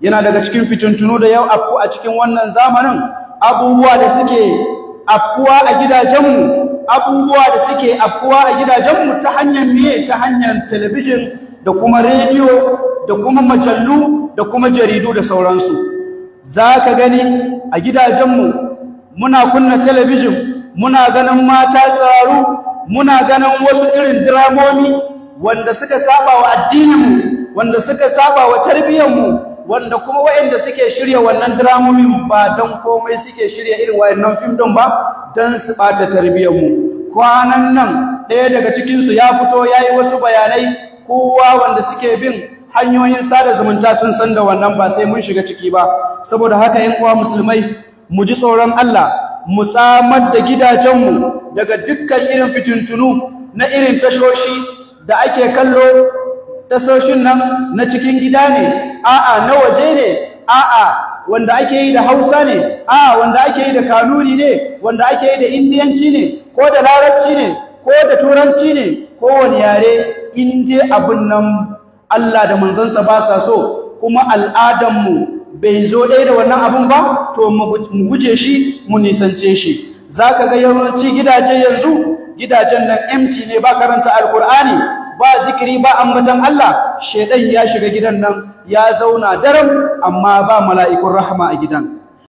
yana daga cikin fitintunu da yau afku a cikin wannan zamanin abubuwa da suke afkuwa a gidajenmu abubuwa da suke afkuwa a gidajenmu ta hanyar miye ta hanyar talabijin da kuma rediyo da kuma majallu da kuma jaridu da sauransu za ka gani a gidajenmu muna kunna talabijin muna ganin mata tsaru, muna ganin wasu irin diramomi wanda suka saba wa addininmu wanda suka saba wa tarbiyyarmu wanda kuma waɗanda suke shirya wannan dramomin ba don komai suke shirya irin waɗannan fim ɗin ba don su ɓata mu. kwanan nan ɗaya daga cikinsu ya fito ya yi wasu bayanai kowa wanda suke bin hanyoyin sada zumunta sun san da wannan ba sai mun shiga ciki ba saboda haka 'yan uwa musulmai mu ji tsoron Allah mu tsamar da gidajenmu daga dukkan irin fitintunu na irin tashoshi da ake kallo tasoshin nan na cikin gida ne a'a na waje ne a'a wanda ake yi da Hausa ne a'a wanda ake yi da Kanuri ne wanda ake yi da Indiyanci ne ko da Larabci ne ko da Turanci ne ko wani yare in je abin nan Allah da manzansa ba sa so kuma al'adan mu bai zo ɗaya da wannan abin ba to mu guje shi mu nisance shi zaka ga yawanci gidaje yanzu gidajen nan empty ne ba karanta alkur'ani ba zikiri ba ambatan Allah shedan ya shiga gidan nan ya zauna daram amma ba mala'ikun rahama a gidan